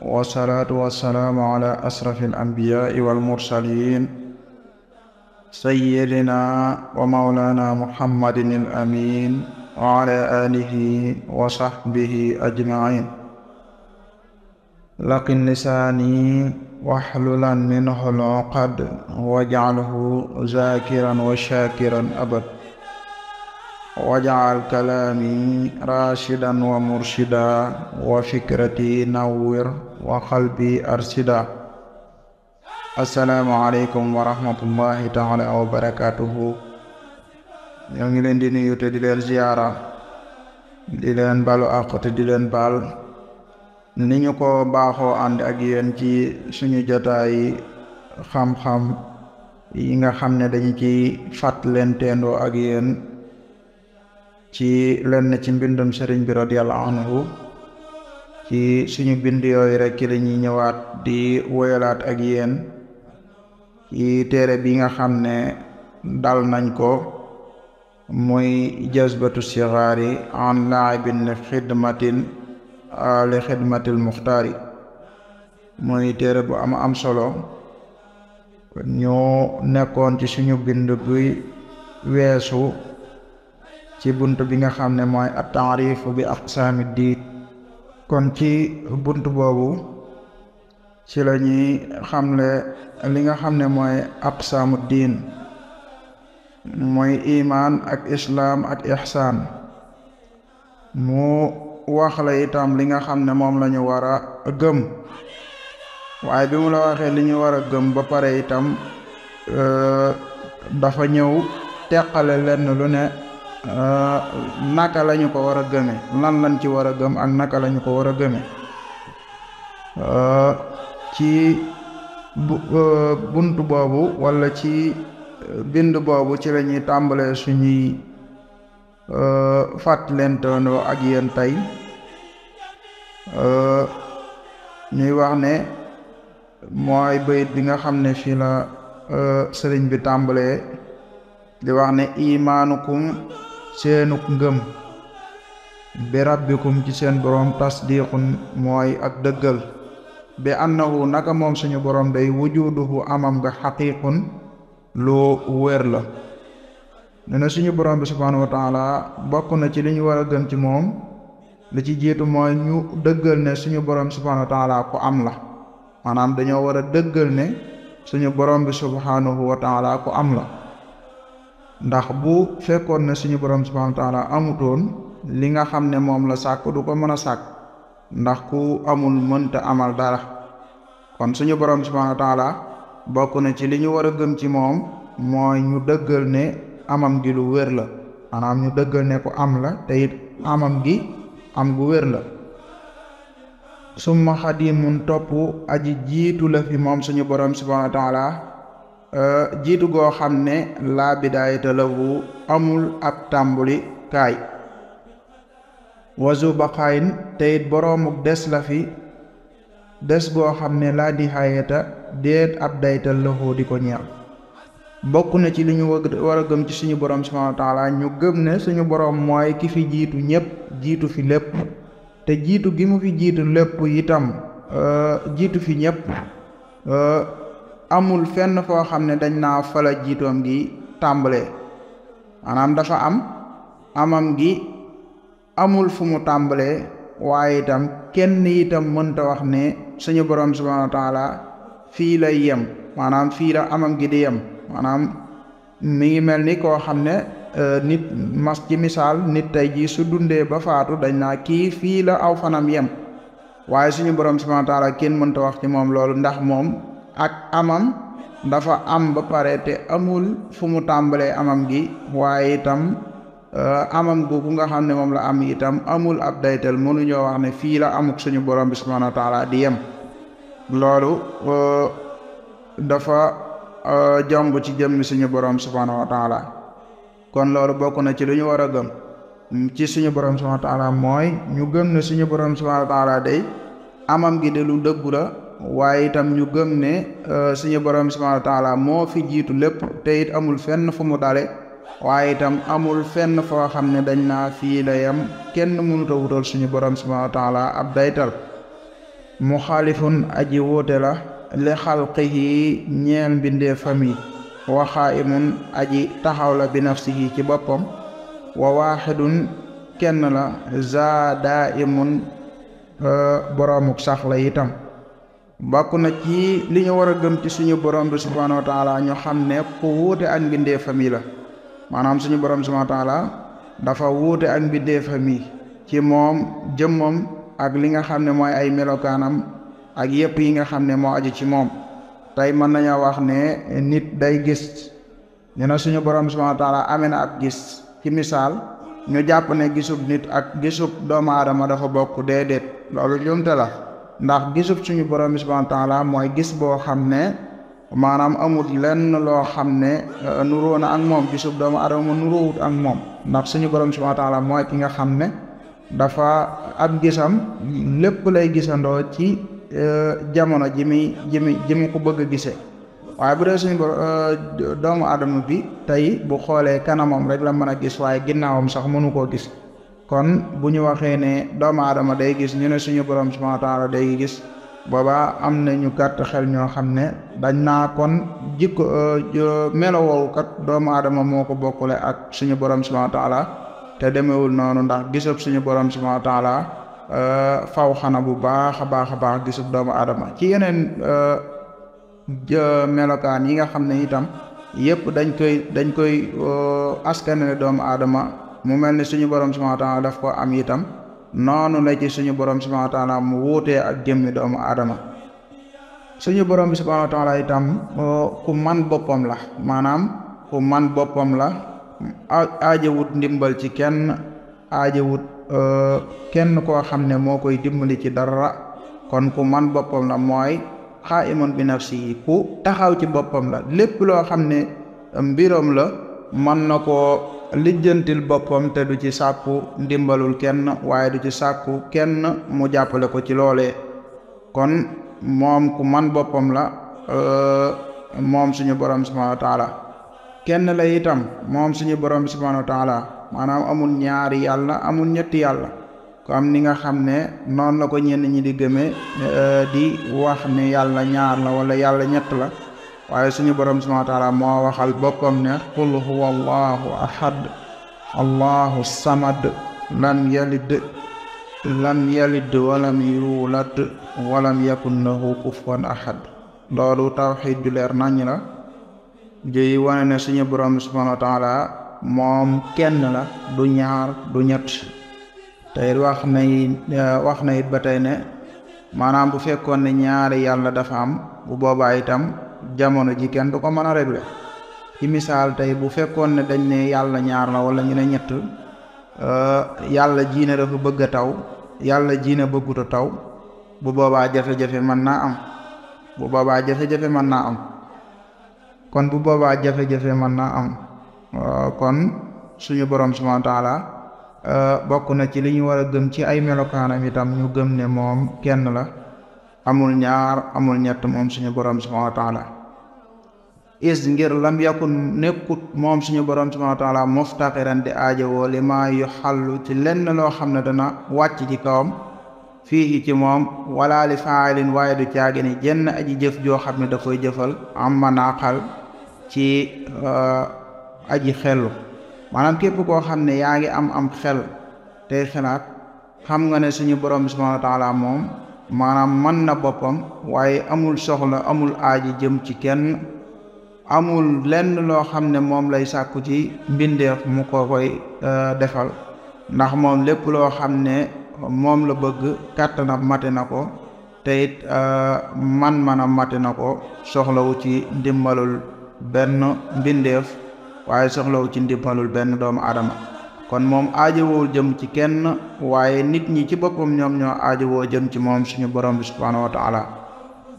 wasalaatu wasalaamu ala asrafi alambiyaai walmursalin sayidina wa maulana muhammadin al amin wa ala alihi wa sahbihi ajmain laqin lisaani waxlulan min huluqad wajcalhu zakiran wa shakiran abad waj'al kalaami raashidan wa murshida wa fikrati nawwir wa qalbi arshida assalaamu aleykum wa rahmatullahi wa barakaatuhu ñoo ngi leen di nuyu te di leen ziyaara di leen balu àq te di leen bal ni ñu ko baaxoo ànd ak yéen ci suñu jotaay xam-xam yi nga xam ne dañu ci fàttalenteenoo ak yéen ci lenn ci mbindum sëriñ bi radiyallahu anhu ci suñu bind yooyu rek lañuy ñëwaat di woyalaat ak yéen ci téere bi nga xam ne dal nañ ko muy jazbatu sigaari an bi li xidmatin li xidmatil muxtaari muy téere bu am am solo ñu nekkoon ci suñu bind bi weesu ci bunt bi nga xam ne mooy at-taarif bi aqsaami diin kon ci bunt boobu ci la ñuy xamle li nga xam ne mooy aqsaamu diin mooy imaan ak islaam ak ihsaan mu wax la itam li nga xam ne moom lañu ñu war a gëm waaye bi mu la waxee li ñu war a gëm ba pare itam euh, dafa ñëw teqale lenn lu ne Euh, naka lañu ko war a gëme lan lañ ci war a gëm ak naka lañu ko war a gëme euh, ci euh, bunt boobu walla ci bind boobu ci la ñuy tàmbalee suñuy fàttalentoonoo ak yéen tey ñuy wax ne mooy bayit bi nga xam ne fii la sëriñ bi tàmbalee di wax ne imaanukum seenu ngëm bi rabbikum ci seen boroom tasdiqun mooy ak dëggal bi annahu naka moom suñu boroom day wujuduhu amam nga xaqiqun lu wér la ne na suñu borom bi subhaanahu wa bokk na ci li ñu war a gën ci moom li ci jiitu mooy ñu dëggal ne suñu borom subhaanahu wa taala ku am la maanaam dañoo war a dëggal ne suñu boroom bi subhaanahu wa taala ku am la ndax bu fekkoon na suñu borom subhanahu wa taala amutoon li nga xam ne moom la sàkk du ko mën a sàkk ndax ku amul mënta amal dara kon suñu borom subhanahu wa bokk na ci li ñu war a gëm ci moom mooy ñu dëggal ne amam gi lu wér la maanaam ñu dëggal ne ko am la te amam gi am gu wér la summa xadimun topp aji jiitu la fi moom suñu borom subhanahu wa Euh, jiitu goo xam ne laa bidaayata lahu amul ab tàmbuli kaay wazu baqaayin te it boroomuk des la fi des goo xam ne laa nihaayata déet ab daytal lahu di ko ñeel bokk na ci li ñu war gëm ci suñu boroom subhaanahu wa taala ñu gëm ne suñu boroom mooy ki fi jiitu ñépp jiitu fi lépp te jiitu gi mu fi jiitu lépp itam euh, jiitu fi ñépp euh, amul fenn foo xam ne dañ naa fala jiitoom gi tàmbalee maanaam dafa am amam gi amul fu mu tàmbalee waaye itam kenn itam mënta wax ne suñu borom subhanahu wa taala fii lay yem maanaam fii la amam gi di yem maanaam mi ngi mel ni koo xam ne euh, nit mas ci misaal nit tey jii su dundee ba faatu dañ naa kii fii la aw fanam yem waaye suñu borom subhanahu wa kenn mënta wax ci moom loolu ndax moom ak amam dafa am ba pare te amul fu mu tàmbalee amam gi waaye itam euh, amam googu nga xam ne moom la am itam amul ab daytal mënuñoo wax ne fii la amuk suñu borom bi subhanahu wa taala di yem loolu euh, dafa euh, jomb ci jëmmi suñu borom subhanahu wa kon loolu bokk na ci lu ñu war a gëm ci suñu borom subhanahu wa mooy ñu gëm ne suñu borom subhanahu wa taala amam gi de lu dëggu la waaye itam ñu gëm ne euh, suñu borom subhaanahu wa moo fi jiitu lépp te it amul fenn fu mu dale waaye itam amul fenn foo xam ne dañ naa fii la yam kenn mënut a wutal suñu borom subhaanahu wa taala ab daytal mu xaalifun aji wuute la li xalqihi ñeel mbindee fami wa xaa'imun aji taxaw la bi nafsihi ci boppam wa waaxidun kenn la za daa'imun euh, boroomuk sax la itam bokk na ci li ñu war a gëm ci suñu borom bi subhaanahu wa taala ñu xam ne ku wuute ak mbindee famille la maanaam suñu borom bi subhaanahu wa dafa wuute ak mbindee famille ci moom jëmmam ak li nga xam ne mooy ay melokaanam ak yëpp yi nga xam ne moo aju ci moom tey mën nañoo wax ne nit day gis ne na suñu borom bi subhaanahu wa taala amee na ak gis ci misaal ñu jàpp ne gisub nit ak gisub doomu aadama dafa bokk déedéet loolu jumte la ndax gisub suñu borom bi subhanahu wa taala mooy gis boo xam ne maanaam amul lenn loo xam ne euh, nuroo na ak moom gisub doomu adama nuroowut ak moom ndax suñu borom bi subhanahu wa taala mooy ki nga xam ne dafa ab gisam lépp lay gisandoo ci euh, jamono ji mi ji muy ko bëgg a gisee waaye bu dee suñu euh, doomu adama bi tey bu xoolee kanamam rek la mën a gis waaye ginnaawam sax mënu koo gis kon bu ñu waxee ne doomu aadama day gis ñu ne suñu borom subhanahu wa taala day gis booba am na ñu gàtt xel ñoo xam ne dañ naa kon jikko euh, melowoowu kat doomu aadama moo ko bokkule ak suñu borom subhanahu wa te demewul noonu ndax gisub suñu borom subhanahu wa taala euh, faw xana bu baax a baax a baax gisub doomu aadama ci yeneen euh, melokaan yi nga xam ne itam yëpp dañ koy dañ koy askanale doomu aadama mu mel ni suñu borom subhanahu wa taala daf ko am itam noonu la ci suñu borom subhanahu wa taala mu wuutee ak jëmmi doomu aadama suñu borom bi subhanahu wa taala itam ku man boppam la maanaam ku man boppam la a aajewut ndimbal ci kenn aajewut euh, kenn koo xam ne moo koy dimbali ci dara kon ku man boppam la mooy xaaimun bi nafsi yi ku taxaw ci boppam la lépp loo xam ne mbiram la man na ko lijjantil boppam te du ci sàkku ndimbalul kenn waaye du ci sàkku kenn mu jàppale ko ci loolee kon moom ku man boppam la euh, moom suñu borom subhanahu kenn la itam moom suñu borom subhanahu wa maanaam amul ñaari yàlla amul ñetti yàlla am ni nga xam ne noonu la ko ñenn ñi di gëmee euh, di wax ne yàlla ñaar la wala yàlla ñett la waaye suñu borom subhaanahu wa moo waxal boppam ne qul huwa allahu ahad allahu samad lam yalid lam yalid walam yuulat walam yakun lahu kufuwan ahad loolu tawxiid ju leer nañ la jiy wane ne suñu borom subhaanahu wa moom kenn la du ñaar du ñett te wax na wax na it ba tey ne maanaam bu fekkoon ne ñaari yàlla dafa am bu boobaa itam jamono ji kenn du ko mën a régler ci misaal tey bu fekkoon ne dañ ne yàlla ñaar la wala ñu ne ñett euh, yàlla jiina dafa bëgg a taw yàlla jiina bëggut taw bu boobaa jafe-jafe mën naa am bu boobaa jafe-jafe mën naa am kon bu boobaa jafe-jafe mën naa am euh, kon suñu borom subhaanahu wa euh, bokk na ci li ñu war a gëm ci ay melokaanam itam ñu gëm ne moom kenn la amul ñaar amul ñett moom suñu borom subhaanahu wa is ngir lam yakun nekkut moom suñu borom subhanahu wa taala muftaqiran di aajowoo li maa xallu ci lenn loo xam ne dana wàcc ci kawam fii ci moom wala li faalin waaye du caagi ni jenn aji jëf joo xam ne da jëfal am manaqal ci uh, aji xellu maanaam képp koo xam ne yaa ngi am am xel tey xelaat xam nga ne suñu borom subhanahu wa moom maanaam mën na boppam waaye amul soxla amul aaji jëm ci kenn amul lenn loo xam ne moom lay sàkku ci mbindeef mu ko koy euh, defal ndax moom lépp loo xam ne moom la bëgg kàttanam mate na ko te it euh, man-manam mate na ko soxlawu ci ndimbalul benn mbindeef waaye soxlawu ci ndimbalul benn doomu aadama kon moom aajowul jëm ci kenn waaye nit ñi ci boppam ñoom ñoo woo jëm ci moom suñu borom bi subhaanahu wa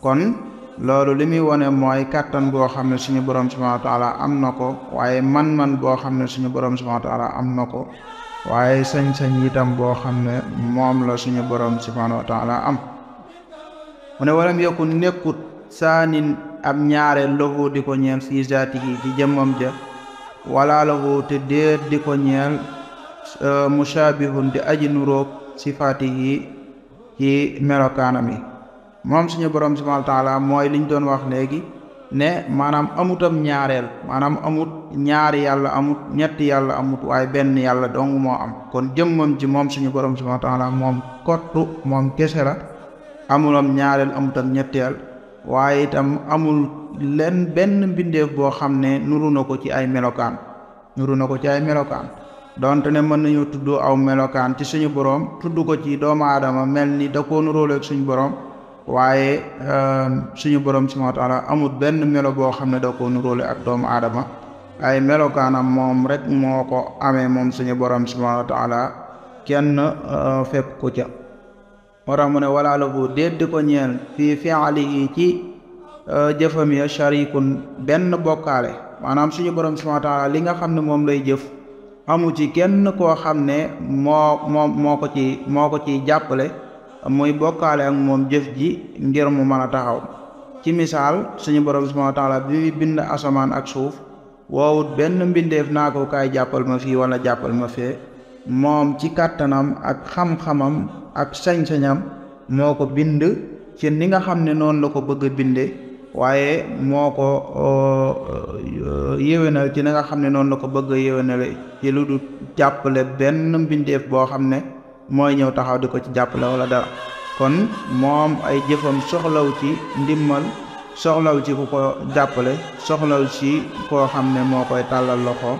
kon loolu li muy wone mooy kàttan boo xam ne suñu borom subhanahu wa am na ko waaye man-man boo xam ne suñu borom subhanahu wa am na ko waaye sañ itam boo xam ne moom la suñu borom subhanahu am mu yokku nekkut saanin ab ñaare loxu di ko ñeel fii zaati yi ci jëmmam ja wala loxu te déet di ko ñeel euh, mushaabihun di aji nuróog sifaati yi ci melokaanam yi moom suñu borom subhaanahu wa taala mooy liñ doon wax léegi ne maanaam amutam ñaareel maanaam amut ñaari yàlla amut ñetti yàlla amut waaye benn yàlla dong moo am kon jëmmam ci moom suñu borom subhaanahu wa taala moom kottu moom kese la amulam ñaareel amutam ñetteel waaye itam amul lenn benn mbindeef boo xam ne nuru na ko ci ay melokaan nuru na ko ci ay melokaan donte ne mën nañu tuddoo aw melokaan ci suñu borom tudd ko ci doomu aadama mel ni da koo nuróoleeg suñu borom waaye ehm, suñu borom subhaanahu wa taala amul benn melo boo xam ne da ko nuróole ak doomu aadama ay melokaanam moom rek moo ko amee moom suñu borom subhaanahu wa kenn eh, fépp ku ca moo ne walaa lahu déet di ko ñeel fii fi'alihi ci eh, jëfam ya sharikun benn bokkaale maanaam suñu borom subhaanahu wa li nga xam ne moom lay jëf amu ci kenn koo xam ne moo moo moo ko ci moo ko ciy jàppale muy bokkaale ak moom jëf ji ngir mu mën a taxaw ci misaal suñu borom subhanahu wa taala bi muy bind asamaan ak suuf woowut benn mbindeef naa ko kaay jàppal ma fii wala jàppal ma fee moom ci kàttanam ak xam-xamam ak sañ-sañam moo ko bind ci ni nga xam ne noonu la ko bëgg a binde waaye moo ko uh, uh, yéwénal ci ni nga xam ne noonu la ko bëgg a yéwénale ci lu du jàppale benn mbindeef boo xam ne mooy ñëw taxaw di ko ci jàppale wala dara kon moom ay jëfam soxlaw ci ndimmal soxlaw ci ku ko jàppale soxlaw ci koo xam ne moo koy tàllal loxo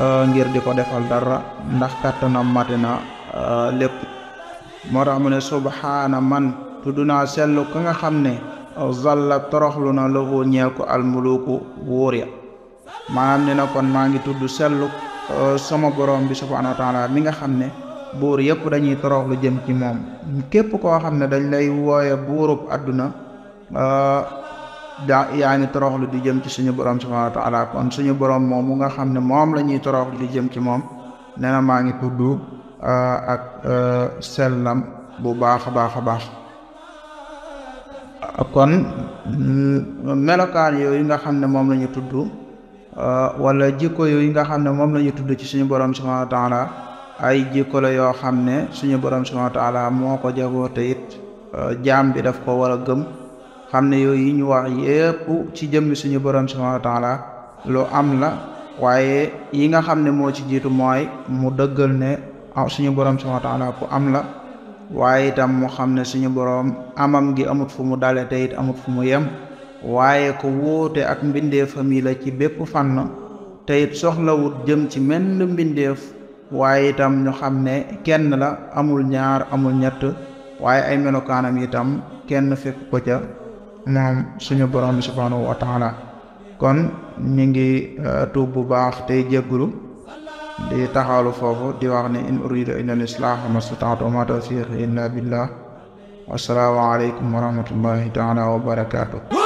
euh, ngir di ko defal dara ndax kàttanam mati na euh, lépp moo tax mu ne subhaana man tudd naa sellu ka nga xam ne zalla toroxlu na lahu ñeel ko almuluku wóor ya maanaam ne na kon maa ngi tudd sellu euh, sama borom bi subhaana wa mi nga xam ne buur yépp dañuy torox lu jëm ci moom képp koo xam ne dañ lay wooye buurub àdduna da yaa ngi torox lu di jëm ci suñu borom subhanahu wa taala kon suñu borom moom mu nga xam ne moom la ñuy torox di jëm ci moom nee na maa ngi tudd ak sel sellam bu baax a baax a baax kon mm, melokaan yooyu nga xam ne moom la ñu tudd wala jikko yooyu nga xam ne moom la ñu tudd ci suñu borom subhanahu wa taala ay jikko la yoo xam ne suñu borom subhanahu wa taala moo ko jegoo te it euh, jaam bi daf ko war a gëm xam ne yooyu ñu wax yépp ci jëmmi suñu borom subhanahu wa taala lu am la waaye yi nga xam ne moo ci jiitu mooy mu dëggal ne ah, suñu borom subhanahu wa taala ku am la waaye itam mu xam ne suñu boroom amam gi amut fu mu dale teyit it amut fu mu yem waaye ko wóote ak mbindeefam yi la ci bépp fànn te soxlawut jëm ci menn mbindeef waaye itam ñu xam ne kenn la amul ñaar amul ñett waaye ay melokaanam itam kenn fekk ko ca moom suñu borom bi subhaanahu wa taala kon ñu ngi euh, tuub bu baax tey jéggulu di taxawlu foofu di wax ne in uridu illa al islah ma stataatu ma tawfiq illa billah wassalaamu aleykum wa taala wa